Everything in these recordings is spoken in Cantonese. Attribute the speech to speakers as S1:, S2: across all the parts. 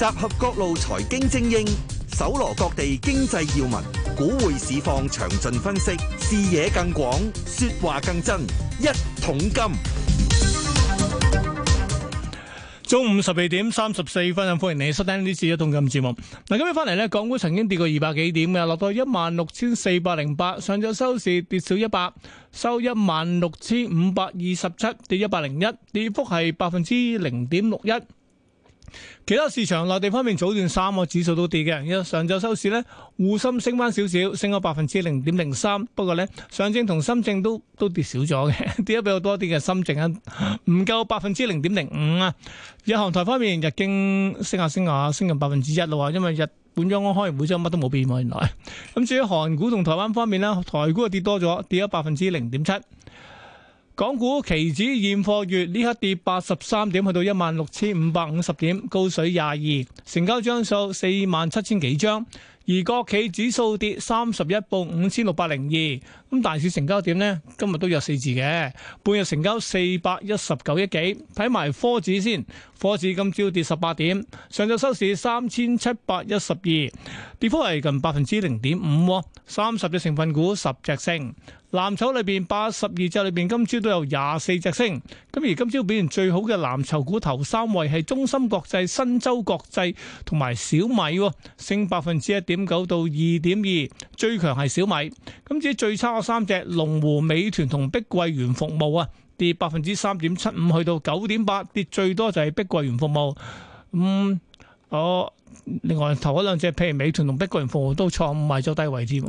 S1: 集合各路財經精英，搜羅各地經濟要聞，股匯市況詳盡分析，視野更廣，說話更真。一桶金，中午十二點三十四分，歡迎你收聽呢次一桶金節目。嗱，今日翻嚟咧，港股曾經跌過二百幾點嘅，落到一萬六千四百零八。上晝收市跌少一百，收一萬六千五百二十七，跌一百零一，跌幅係百分之零點六一。其他市場內地方面早段三個指數都跌嘅，因為上晝收市呢，滬深升翻少少，升咗百分之零點零三，不過呢，上證同深證都都跌少咗嘅，跌得比較多啲嘅深證啊，唔夠百分之零點零五啊。日韓台方面，日經升下升下，升近百分之一咯，因為日本央行開完會之後乜都冇變喎原來。咁至於韓股同台灣方面呢，台股跌多咗，跌咗百分之零點七。港股期指現貨月呢一刻跌八十三點，去到一萬六千五百五十點，高水廿二，成交張數四萬七千幾張。而國企指數跌三十一報五千六百零二。咁大市成交點呢，今日都有四字嘅，半日成交四百一十九億幾。睇埋科指先，科指今朝跌十八點，上晝收市三千七百一十二，跌幅係近百分之零點五。三十隻成分股十隻升，藍籌裏邊八十二隻裏邊今朝都有廿四隻升。咁而今朝表現最好嘅藍籌股頭三位係中芯國際、新洲國際同埋小米，升百分之一點九到二點二，最強係小米。今次最差。三隻龍湖、美團同碧桂園服務啊，跌百分之三點七五，去到九點八，跌最多就係碧桂園服務。咁、嗯、我另外頭嗰兩隻，譬如美團同碧桂園服務都創埋咗低位置。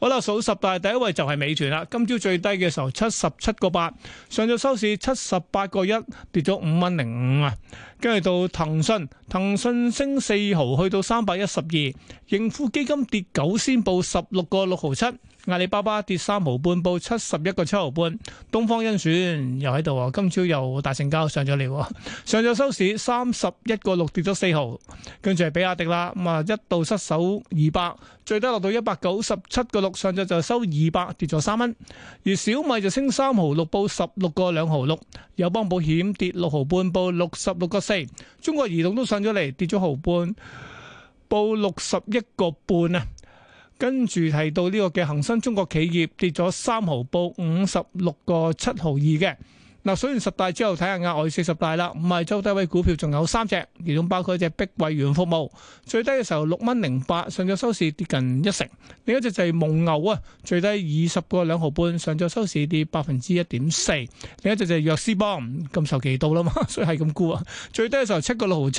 S1: 好啦，數十大第一位就係美團啦。今朝最低嘅時候七十七個八，上晝收市七十八個一，跌咗五蚊零五啊。跟住到騰訊，騰訊升四毫去到三百一十二，盈富基金跌九先報十六個六毫七。阿里巴巴跌三毫半，報七十一個七毫半。東方甄選又喺度啊，今朝又大成交上，上咗嚟，上晝收市三十一個六，跌咗四毫。跟住係比亞迪啦，咁啊一度失守二百，最低落到一百九十七個六，上晝就收二百，跌咗三蚊。而小米就升三毫六，報十六個兩毫六。友邦保險跌六毫半，報六十六個四。中國移動都上咗嚟，跌咗毫半，報六十一個半啊。跟住提到呢個嘅恒生中國企業，跌咗三毫，報五十六個七毫二嘅。嗱，數完十大之後看看，睇下額外四十大啦。唔係周低位股票，仲有三隻，其中包括一隻碧桂園服務，最低嘅時候六蚊零八，上晝收市跌近一成。另一隻就係蒙牛啊，最低二十個兩毫半，上晝收市跌百分之一點四。另一隻就係藥師幫，咁受忌到啦嘛，所以係咁估啊。最低嘅時候七個六毫七，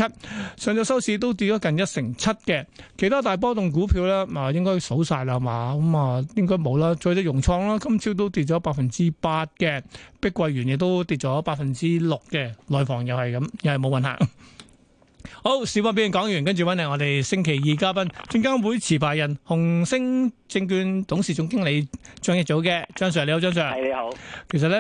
S1: 上晝收市都跌咗近一成七嘅。其他大波動股票咧，嗱，應該數晒啦嘛，咁啊，應該冇啦。再就融創啦，今朝都跌咗百分之八嘅。碧桂園亦都跌咗百分之六嘅，內房又係咁，又係冇運行。 好，小波俾你講完，跟住揾嚟我哋星期二嘉賓，證監會持牌人，紅星證券董事總經理張益祖嘅張 Sir，你好，張 Sir。係，你好。其實咧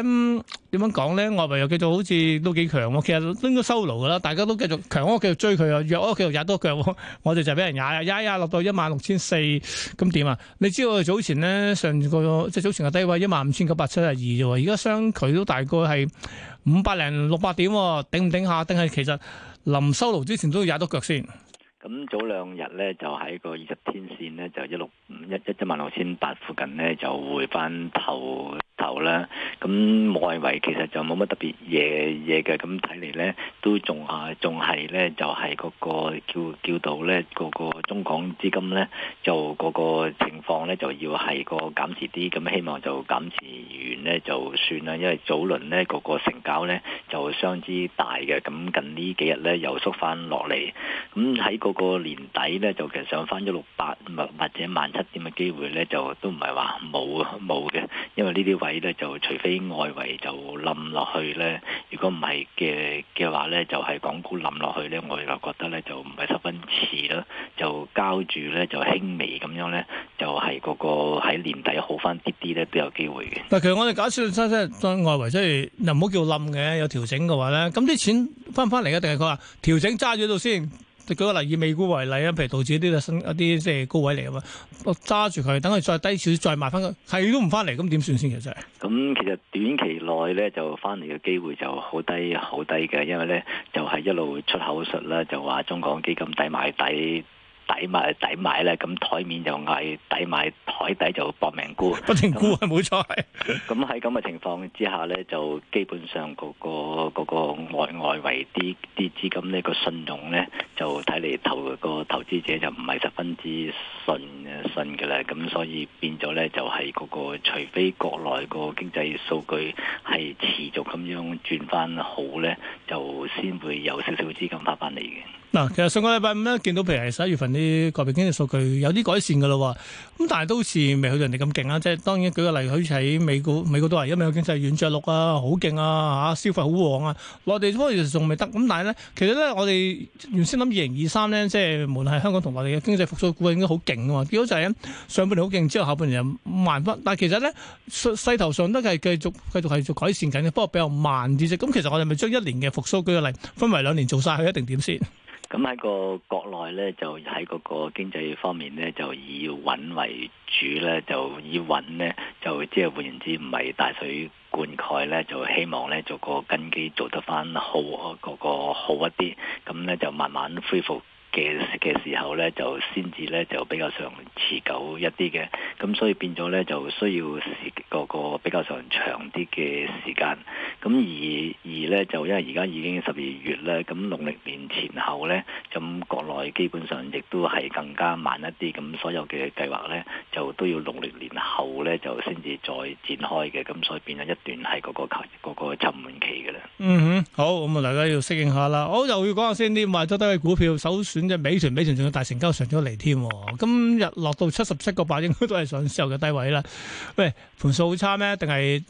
S1: 點樣講咧，外圍又繼續好似都幾強喎。其實都應該收爐噶啦，大家都繼續強，我繼續追佢啊，弱我繼續踩多腳。我哋就係俾人踩啊，踩啊，落到一萬六千四，咁點啊？你知道我哋早前咧上個即係早前個低位一萬五千九百七十二啫，而家相距都大概係五百零六百點，頂唔頂下？定係其實？臨收爐之前都要踩到腳先，
S2: 咁早兩日咧就喺個二十天線咧就一六五一一一萬六千八附近咧就會翻頭。頭啦，咁外圍其實就冇乜特別嘢嘢嘅，咁睇嚟呢都仲啊仲係呢就係嗰個叫叫到呢嗰個中港資金呢，就嗰個情況呢就要係個減持啲，咁希望就減持完呢就算啦，因為早輪呢嗰個成交呢就相之大嘅，咁近呢幾日呢又縮翻落嚟，咁喺嗰個年底呢，就其實上翻咗六百或者萬七點嘅機會呢，就都唔係話冇冇嘅，因為呢啲位。咧就除非外圍就冧落去咧，如果唔係嘅嘅話咧，就係、是、港股冧落去咧，我又覺得咧就唔係十分遲咯，就交住咧就輕微咁樣咧，就係嗰、就是、個喺年底好翻啲啲咧都有機會
S1: 嘅。嗱，其實我哋假設真真係，在在外圍即係嗱，唔好叫冧嘅，有調整嘅話咧，咁啲錢翻唔翻嚟一定係佢話調整揸咗度先？舉個例，以美股為例啊，譬如導致啲新一啲即係高位嚟啊嘛，我揸住佢，等佢再低少少再賣翻，係都唔翻嚟，咁點算先？其實
S2: 咁其實短期內咧就翻嚟嘅機會就好低好低嘅，因為咧就係一路出口術啦，就話中港基金低買底。抵埋抵埋咧，咁台面就嗌抵埋，台底就搏命沽，
S1: 不停沽係冇錯。
S2: 咁喺咁嘅情況之下咧，就基本上嗰個、嗰個、嗰個外外圍啲啲資金呢個信用咧，就睇嚟投，投、嗰個投資者就唔係十分之信信嘅啦。咁所以變咗咧，就係、係、嗰個除非國內個經濟數據係持續咁樣轉翻好咧，就先會有少少資金翻翻嚟嘅。
S1: 嗱，其實上個禮拜五咧，見到譬如十一月份啲國別經濟數據有啲改善嘅啦喎，咁但係都好似未去到人哋咁勁啦。即係當然舉個例，好似喺美國，美國都係因為個經濟軟着陸啊，好勁啊嚇，消費好旺啊。內地其實仲未得，咁但係咧，其實咧我哋原先諗二零二三咧，即係無論係香港同內地嘅經濟復甦，估應該好勁嘅嘛。結果就係上半年好勁，之後下半年又慢翻。但係其實咧勢頭上都係繼續繼續繼續改善緊嘅，不過比較慢啲啫。咁其實我哋咪將一年嘅復甦舉個例，分為兩年做晒佢一定點先？
S2: 咁喺個國內咧，就喺嗰個經濟方面咧，就以穩為主咧，就以穩咧，就即係換言之唔係大水灌溉咧，就希望咧做個根基做得翻好嗰個個好一啲，咁咧就慢慢恢復。嘅嘅時候咧，就先至咧就比較上持久一啲嘅，咁所以變咗咧就需要時嗰個比較上長啲嘅時間，咁而而咧就因為而家已經十二月咧，咁農曆年前後咧，咁國內基本上亦都係更加慢一啲，咁所有嘅計劃咧就都要農曆年後咧就先至再展開嘅，咁所以變咗一段係嗰、嗰個、個個，個，個，個沉悶期嘅啦。
S1: 嗯哼，好，咁啊大家要適應下啦。好、哦，又要講下先啲賣咗低嘅股票，首選。咁就美團美團仲有大成交上咗嚟添，今日落到七十七個八，應該都係上時候嘅低位啦。喂，盤數好差咩？定係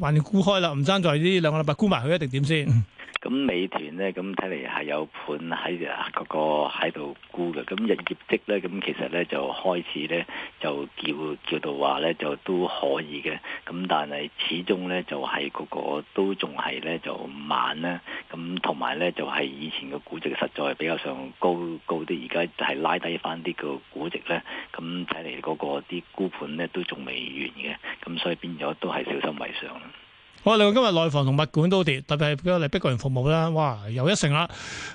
S1: 還沽開啦？唔爭在呢兩個禮拜沽埋佢一定點先？嗯咁美團
S2: 咧，咁睇嚟係有盤喺嗰、那個喺度沽嘅。咁日業績咧，咁其實咧就開始咧就叫叫到話咧就都可以嘅。咁但係始終咧就係、是、嗰個都仲係咧就慢啦。咁同埋咧就係、是、以前嘅估值實在比較上高高啲，而家就係拉低翻啲個估值咧。咁睇嚟嗰個啲沽盤咧都仲未完嘅。咁所以變咗都係小心為上啦。
S1: 我哋今日內房同物管都跌，特別係嗰個嚟碧桂園服務啦，哇，又一成啦。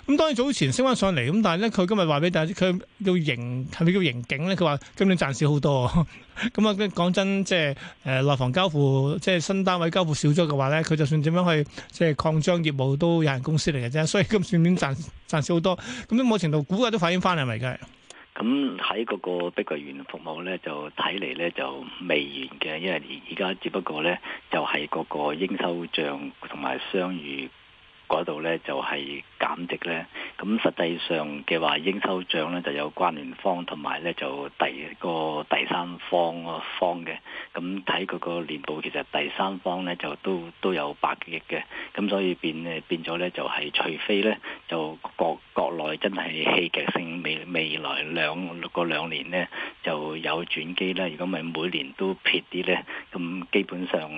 S1: 咁當然早前升翻上嚟，咁但係咧佢今日話俾大家知，佢要盈係咪叫盈警咧？佢話今年賺少好多。咁 啊，講真，即係誒內房交付，即係新單位交付少咗嘅話咧，佢就算點樣去即係擴張業務，都有限公司嚟嘅啫。所以今年賺賺少好多，咁都冇程度估嘅都反映翻係咪嘅？
S2: 咁喺嗰個碧桂園服務咧，就睇嚟咧就未完嘅，因為而而家只不過咧就係、是、嗰個應收帳同埋商譽嗰度咧就係、是、減值咧。咁實際上嘅話，應收賬咧就有關聯方同埋咧就第個第三方個方嘅。咁睇嗰個年報，其實第三方咧就都都有百幾億嘅。咁所以變咧變咗咧就係、是，除非咧就國國內真係戲劇性未未來兩個兩年咧就有轉機啦。如果唔係每年都撇啲咧，咁基本上。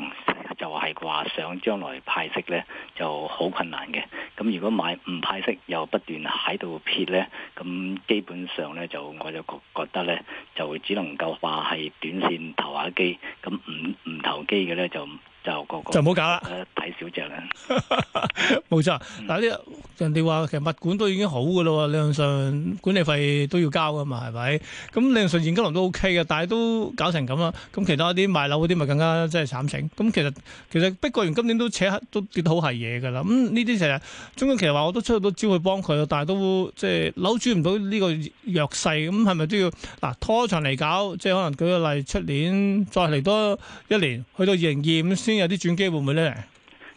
S2: 就係話想將來派息呢就好困難嘅。咁如果買唔派息，又不斷喺度撇呢，咁基本上呢，就我就覺覺得呢，就只能夠話係短線投下機。咁唔唔投機嘅呢，就。
S1: 就個個就唔好搞啦，睇少隻啦，冇錯。嗱啲、嗯、人哋話其實物管都已經好嘅咯，理論上管理費都要交嘅嘛，係咪？咁理論上現金流都 OK 嘅，但係都搞成咁啦。咁其他啲賣樓嗰啲咪更加即係、就是、慘情。咁其實其實碧桂園今年都扯都跌得好係嘢嘅啦。咁呢啲成日中央其實話我都出去都招去幫佢，但係都即係扭轉唔到呢個弱勢。咁係咪都要嗱、啊、拖長嚟搞？即係可能舉個例，出年再嚟多一年，去到二零二五先有啲轉機會唔會呢？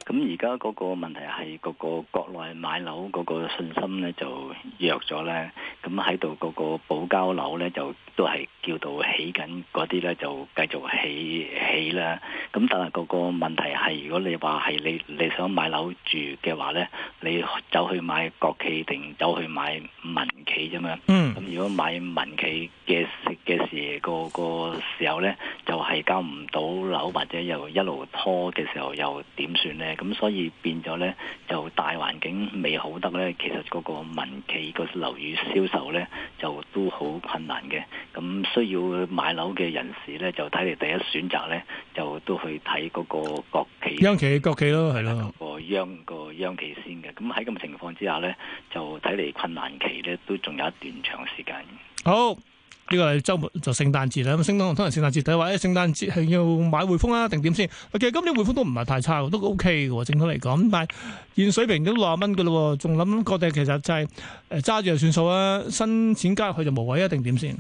S2: 咁而家嗰個問題係嗰個國內買樓嗰個信心呢就弱咗呢。咁喺度嗰個保交樓呢就都係叫到起緊，嗰啲呢，就繼續起起啦。咁但係嗰個問題係，如果你話係你你想買樓住嘅話呢，你走去買國企定走去買民企啫嘛，咁、嗯、如果買民企嘅食嘅時，個、那個時候咧，就係、是、交唔到樓或者又一路拖嘅時候又，又點算咧？咁所以變咗咧，就大環境未好得咧，其實嗰個民企個樓宇銷售咧，就都好困難嘅。咁需要買樓嘅人士咧，就睇嚟第一選擇咧，就都去睇
S1: 嗰個國企央企、國企咯，係咯。
S2: 央個央期先嘅，咁喺咁嘅情況之下咧，就睇嚟困難期咧都仲有一段長時間。
S1: 好，呢個係週末就聖誕節啦。咁聖誕通常聖誕節，大家話啲聖誕節係要買匯豐啊定點先？其實今年匯豐都唔係太差嘅，都 OK 嘅，整體嚟講。但係現水平都六啊蚊嘅咯，仲諗確定其實就係誒揸住就算數啊。新錢加入去就無謂一定點先。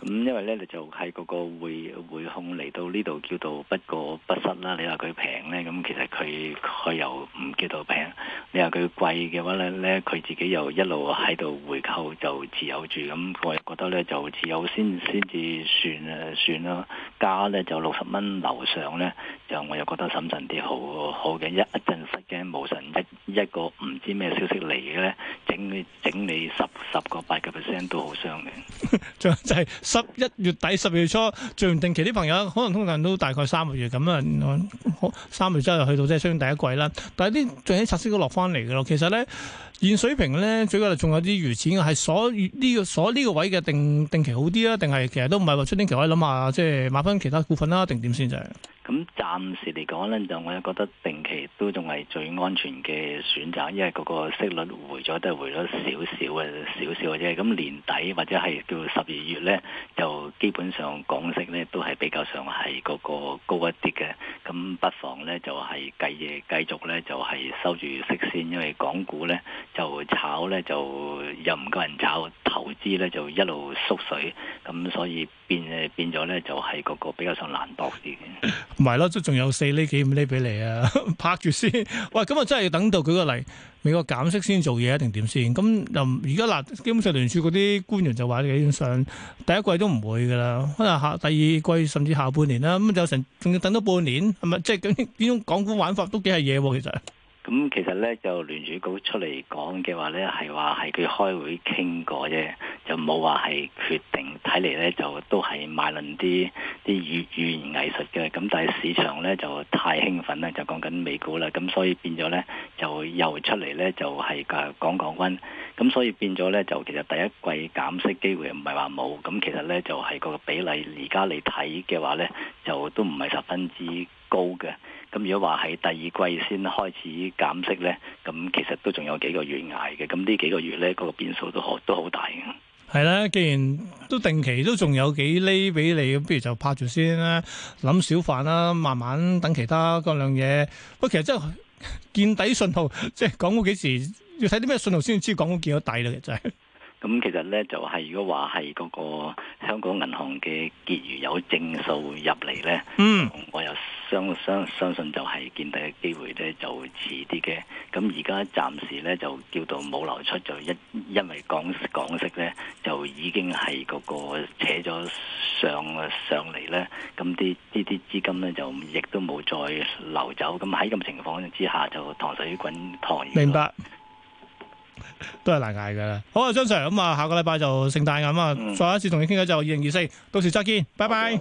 S2: 咁因為咧，你就係個個匯控嚟到呢度叫做不過不失啦。你話佢平咧，咁其實佢佢又唔叫做平。你話佢貴嘅話咧，咧佢自己又一路喺度回購就持有住。咁我覺得咧就持有先先至算啊算咯。加咧就六十蚊樓上咧，就我又覺得審慎啲好好嘅，一陣失驚無神，一一個唔知咩消息嚟嘅咧，整你整你十十個八個 percent 都好傷
S1: 嘅。十一月底、十二月初最唔定期啲朋友，可能通常都大概三個月咁啊，三個月之後就去到即係出年第一季啦。但係啲最近啲拆息都落翻嚟嘅咯。其實咧現水平咧，最緊要仲有啲餘錢嘅係所呢個所呢個位嘅定定期好啲啊，定係其實都唔係話出年期可以諗下，即係買翻其他股份啦，定點先就係。
S2: 咁暫時嚟講呢，就我又覺得定期都仲係最安全嘅選擇，因為嗰個息率回咗都係回咗少少嘅少少嘅啫。咁年底或者係叫十二月呢，就基本上港息呢都係比較上係嗰個高一啲嘅。咁不妨呢，就係繼夜繼續呢，就係收住息先，因為港股呢就炒呢，就又唔夠人炒，投資呢就一路縮水，咁所以變。變咗咧，就係個個比較上難度啲
S1: 嘅。唔係咯，都 仲有四厘幾五厘俾你啊， 拍住先。喂，咁啊，真係要等到舉個例美國減息先做嘢，啊，定點先？咁又而家嗱，基本上聯儲嗰啲官員就話要上第一季都唔會噶啦，可能下第二季甚至下半年啦。咁就有成仲要等多半年，係咪？即係究竟呢種港股玩法都幾係嘢喎，其實。
S2: 咁其實咧，就聯儲局出嚟講嘅話咧，係話係佢開會傾過啫，就冇話係決定。睇嚟咧就都係賣輪啲啲語語言藝術嘅，咁但係市場咧就太興奮喇，就講緊美股啦，咁所以變咗咧就又出嚟咧就係、是、誒講降溫，咁所以變咗咧就其實第一季減息機會唔係話冇，咁其實咧就係、是、個比例而家嚟睇嘅話咧就都唔係十分之高嘅，咁如果話喺第二季先開始減息咧，咁其實都仲有幾個月捱嘅，咁呢幾個月咧、那個變數都好都好大嘅。
S1: 係啦，既然都定期都仲有幾厘俾你，不如就拍住先啦，諗小飯啦，慢慢等其他各樣嘢。我其實真係見底信號，即係港股幾時要睇啲咩信號先至知港股見到底咧？其實係。
S2: 咁其實咧，就係如果話係嗰個香港銀行嘅結餘有正數入嚟咧，嗯，我又相相相信就係見底嘅機會咧，就遲啲嘅。咁而家暫時咧就叫到冇流出，就一因為港港息咧就已經係嗰個扯咗上上嚟咧，咁啲呢啲資金咧就亦都冇再流走。咁喺咁情況之下，就糖水滾糖。
S1: 明白。都係難挨嘅啦。好啊，張 Sir，咁啊，下個禮拜就聖誕啊，咁啊，再一次同你傾偈就二零二四，到時再見，拜拜。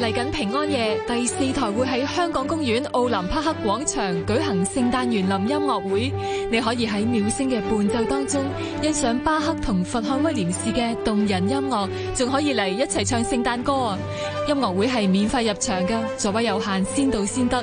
S2: 嚟緊平安夜，第四台會喺香港公園奧林匹克廣場舉行聖誕園林音樂會，你可以喺妙聲嘅伴奏當中欣賞巴赫同佛漢威廉士嘅動人音樂，仲可以嚟一齊唱聖誕歌啊！音樂會係免費入場噶，座位有限，先到先得。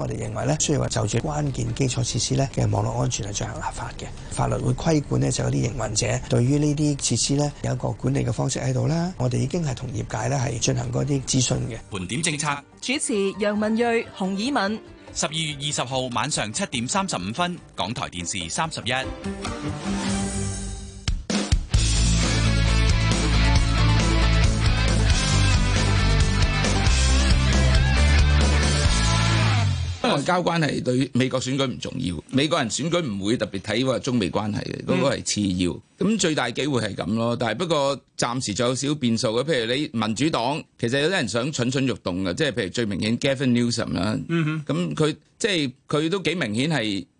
S2: 我哋認為咧，雖然話就住關鍵基礎設施咧嘅網絡安全係進行立法嘅，法律會規管咧就有啲營運者對於呢啲設施咧有一個管理
S1: 嘅方式喺度啦。我哋已經係同業界咧係進行過一啲諮詢嘅
S2: 盤點政策。主持楊文睿、洪以敏。十二月二十號晚上七點三十五分，港台電視三十一。
S1: 交關係對於美國選舉唔重要，美國人選舉唔會特別睇話中美關係嘅，嗰、那個係次要。咁最大機會係咁咯，但係不過暫時仲有少少變數嘅。譬如你民主黨其實有啲人想蠢蠢欲動嘅，即係譬如最明顯 Gavin Newsom 啦、嗯哼，咁佢即係佢都幾明顯係。